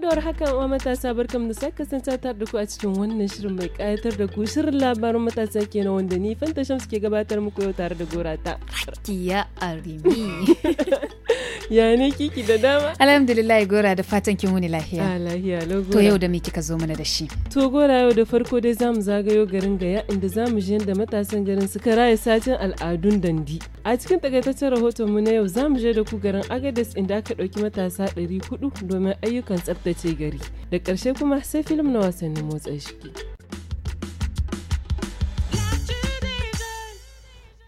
da war haka, wa matasa barkam da sake kasance da ku a cikin wannan shirin mai kayatar da ku shirin labarin matasa kenan wanda ni Fanta shamsu ke gabatar muku yau tare da gorata. Rakiya Arimi. ya ne kiki da dama alhamdulillah gora da fatan kin wuni lahiya ah, lahiya to yau da me kika zo mana da shi to gora yau da farko dai zamu zagayo garin gaya inda zamu je da matasan garin suka raya satin al'adun dandi a cikin takaitaccen rahoton mu na yau zamu je da ku garin agades inda aka dauki matasa 400 domin ayyukan tsaftace gari da karshe kuma sai film na wasannin motsa shi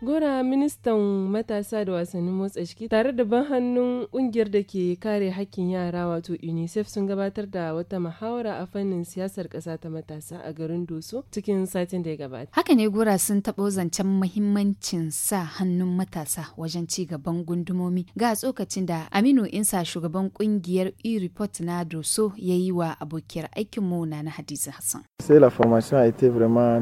Gora ministan matasa da wasannin motsa jiki tare da ban hannun kungiyar da ke kare hakkin yara wato UNICEF sun gabatar da wata muhawara a fannin siyasar ƙasa ta matasa a garin Doso cikin satin da ya gabata. Haka ne gora sun taɓo zancen muhimmancin sa hannun matasa wajen ci gaban gundumomi ga tsokacin da Aminu Insa shugaban kungiyar e-report na Doso ya yi wa abokiyar aikin mu na Hadiza Hassan. Sai la formation a été vraiment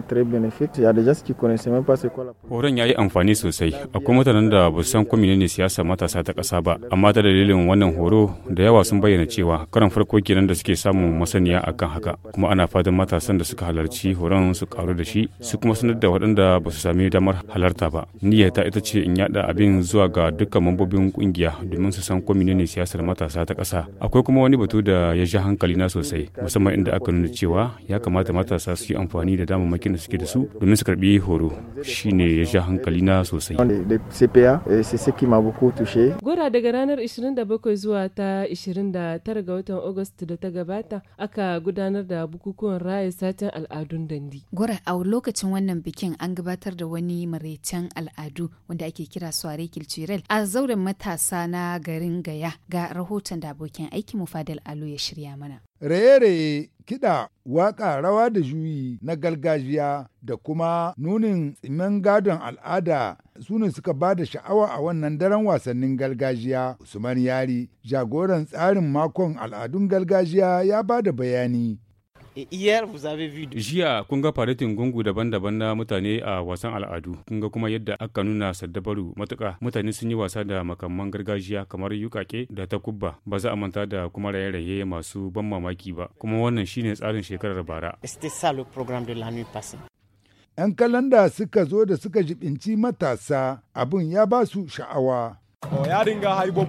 amfani sosai akwai mutanen da ba san ne menene siyasa matasa ta kasa ba amma ta dalilin wannan horo da yawa sun bayyana cewa karan farko kenan da suke samun masaniya akan haka kuma ana fatan matasan da suka halarci horon su karu da shi su kuma sanar da waɗanda ba su sami damar halarta ba niyyata ita ce in yada abin zuwa ga dukkan mambobin kungiya domin su san ko menene siyasar matasa ta ƙasa akwai kuma wani batu da ya sha hankali na sosai musamman inda aka nuna cewa ya kamata matasa su yi amfani da damammakin da suke da su domin su karbi horo shine ya sha hankali na sosai. Eh, Gora daga ranar 27 zuwa ta 29 ga watan Agusta da ta gabata aka gudanar da bukukuwan raya satin al'adun dandi. Gora a lokacin wannan bikin an gabatar da wani maraicen al'adu wanda ake kira soare culturel a zauren matasa na garin Gaya ga rahoton da abokin aiki mu Fadel Alu ya shirya mana. Raye-raye, kiɗa, waƙa, rawa da juyi na gargajiya da kuma nunin tsimin gadon al'ada su ne suka ba da sha'awa a wannan daren wasannin gargajiya. Usman Yari, jagoran tsarin makon al'adun gargajiya ya ba da bayani. Iyar vous avez vu. Jiya kun ga faretin gungu daban-daban na mutane a wasan al'adu. Kun ga kuma yadda aka nuna saddabaru matuka mutane sun yi wasa da makamman gargajiya kamar yukake da takubba. Ba za a manta da kuma raye-raye masu ban mamaki ba. Kuma wannan shine tsarin shekarar bara. C'était ça le programme de l'année passée. 'Yan kalanda suka zo da suka jibinci matasa abin ya ba su sha'awa.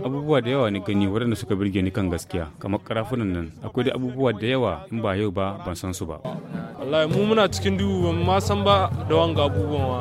abubuwa da yawa ni gani waɗanda suka birge ni kan gaskiya kamar karafunan nan akwai da abubuwa da yawa in ba yau ba ban san su ba wallahi mu muna cikin duhu ban ma san ba da wanga abubuwan wa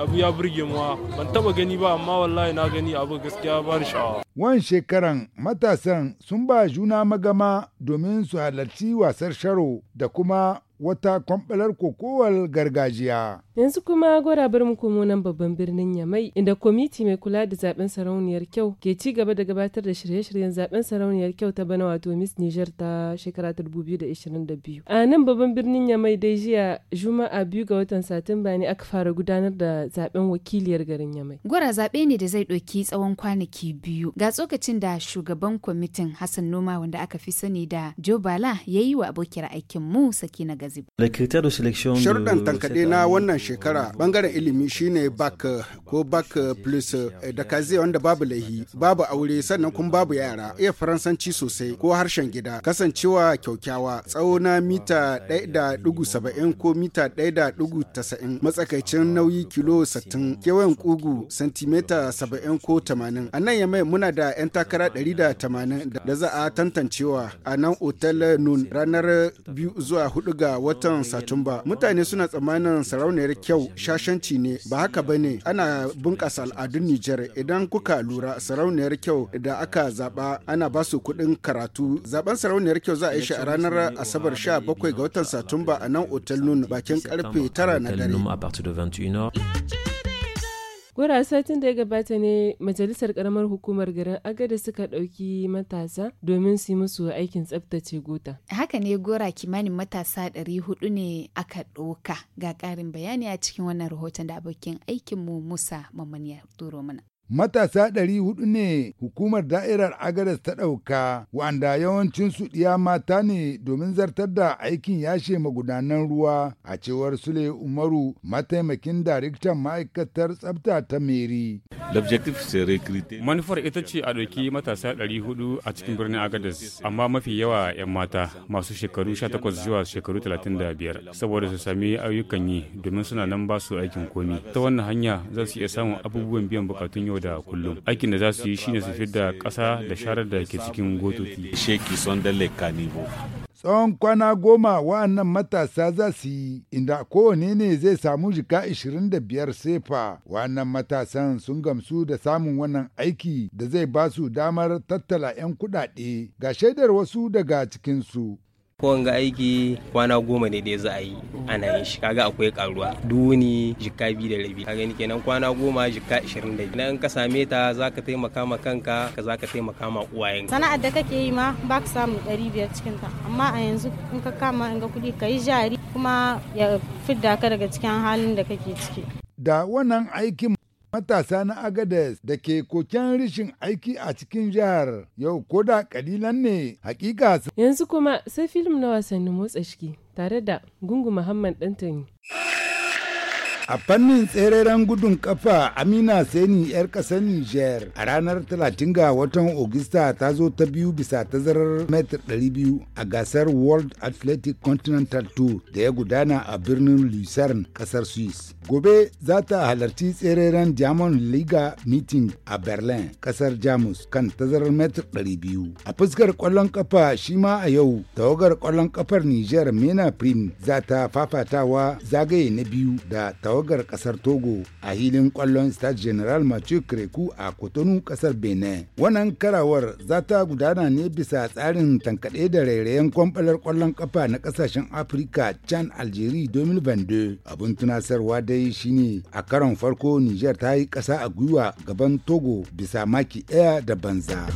abu ya birge mu ban taba gani ba amma wallahi na gani abu gaskiya ba ni sha'awa wan shekaran matasan sun ba juna magama domin su halarci wasar sharo da kuma wata kwamɓalar kokowar gargajiya. Yanzu kuma Gwara bar muku nan babban birnin Yamai inda kwamiti mai kula da zaben sarauniyar kyau ke ci gaba da gabatar da shirye-shiryen zaben sarauniyar kyau ta bana wato Miss Niger ta shekara ta 2022. A nan babban birnin Yamai dai jiya Juma'a biyu ga watan Satumba ne aka fara gudanar da zaben wakiliyar garin Yamai. Gwara zaɓe ne da zai ɗauki tsawon kwanaki biyu. Ga tsokacin da shugaban kwamitin Hassan Noma wanda aka fi sani da Jobala ya yi wa abokiyar aikin mu Sakina magazine. Sharuɗan tankaɗe na wannan shekara bangaren ilimi shine bak ko bak plus eh, da kaze wanda babu laihi babu aure sannan kuma babu yara iya faransanci sosai ko harshen gida kasancewa kyaukyawa tsawo na mita 1.70 ko mita 1.90 matsakaicin nauyi kilo 60 kewayen kugu santimeta 70 ko 80 a nan yamai muna da 'yan takara 180 da za a tantancewa a nan otel nun ranar 2 zuwa 4 ga a watan Satumba. Mutane suna tsammanin sarauniyar kyau shashanci ne ba haka ba ne ana bunkasa al'adun Nijar idan kuka lura sarauniyar kyau da aka zaba ana ba su kuɗin karatu. zaben sarauniyar kyau za a yi shi a ranar Asabar bakwai ga watan Satumba a nan Otel Nun bakin karfe 9 na dare. Gora satin da ya gabata ne majalisar karamar hukumar garin Agada suka ɗauki matasa domin su yi musu aikin tsaftace gota. Haka ne gora kimanin matasa ɗari hudu ne aka ɗauka ga ƙarin bayani a cikin wannan rahoton da abokin aikinmu Musa Mamman ya turo mana. Matasa ɗari hudu ne hukumar da'irar Agadas ta ɗauka, wa'anda su ɗiya mata ne domin zartar da aikin yashe magudanan ruwa a cewar Sule Umaru mataimakin daraktan ma'aikatar tsafta ta Meri. Manufar ita ce a ɗauki matasa ɗari hudu a cikin birnin Agadas, amma mafi yawa 'yan mata masu shekaru takwas zuwa shekaru talatin da biyar saboda su sami ayyukan yi domin suna nan ba su aikin komi. Ta wannan hanya za su iya samun abubuwan biyan bukatun yau yau da kullum aikin da za su yi shine su da kasa da sharar da ke cikin gototi tsawon kwana goma wa'annan matasa za su yi inda kowane ne zai samu jika 25 sefa wa'annan matasan sun gamsu da samun wannan aiki da zai ba su damar tattala 'yan kudade ga shaidar wasu daga cikinsu Kowane aiki kwana goma ne dai za a yi ana yin shi kaga akwai karuwa duni jika biyu da rabi kaga ni kenan kwana goma jika ashirin da biyu in ka same ta za ka taimaka ma kanka ka za ka taimaka ma uwayen sana'ar da kake yi ma ba ka samu ɗari biyar cikin ta amma a yanzu in ka kama in ga kuɗi ka yi jari kuma ya fidda ka daga cikin halin da kake ciki da wannan aikin Matasa na Agades da ke koken rishin aiki a cikin jihar yau ko da kalilan ne hakika. Yanzu kuma sai filim na wasanni motsa ciki tare da Gungu Muhammad Dantani. A fannin tsereren gudun kafa Amina Seni 'yar ƙasar niger a ranar 30 ga watan Ogista ta zo ta biyu bisa tazarar metr 200 a gasar World Athletic Continental Tour da ya gudana a birnin Lucerne kasar Swiss. Gobe za ta halarci tsereren german Liga Meeting a Berlin kasar Jamus kan tazarar metr 200. A fuskar kwallon kafa shi ma a yau tawagar kwallon kafar niger Mena Prim za ta fafatawa zagaye na biyu da tawagar tawagar kasar Togo a hilin kwallon state General Mathieu Kreku a Kotonu kasar Benin. Wannan karawar za ta gudana ne bisa tsarin tankaɗe da rairayen kwamfalar kwallon kafa na kasashen Afirka can Algeria 2022. Abin tunasarwa dai shine a karon farko Niger ta yi ƙasa a gwiwa gaban Togo bisa maki ɗaya da banza.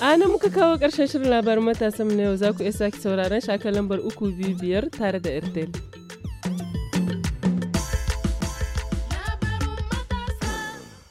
A nan muka kawo ƙarshen shirin labarin matasan na yau za ku iya sake sauraron shakalan lambar uku biyu biyar tare da Airtel.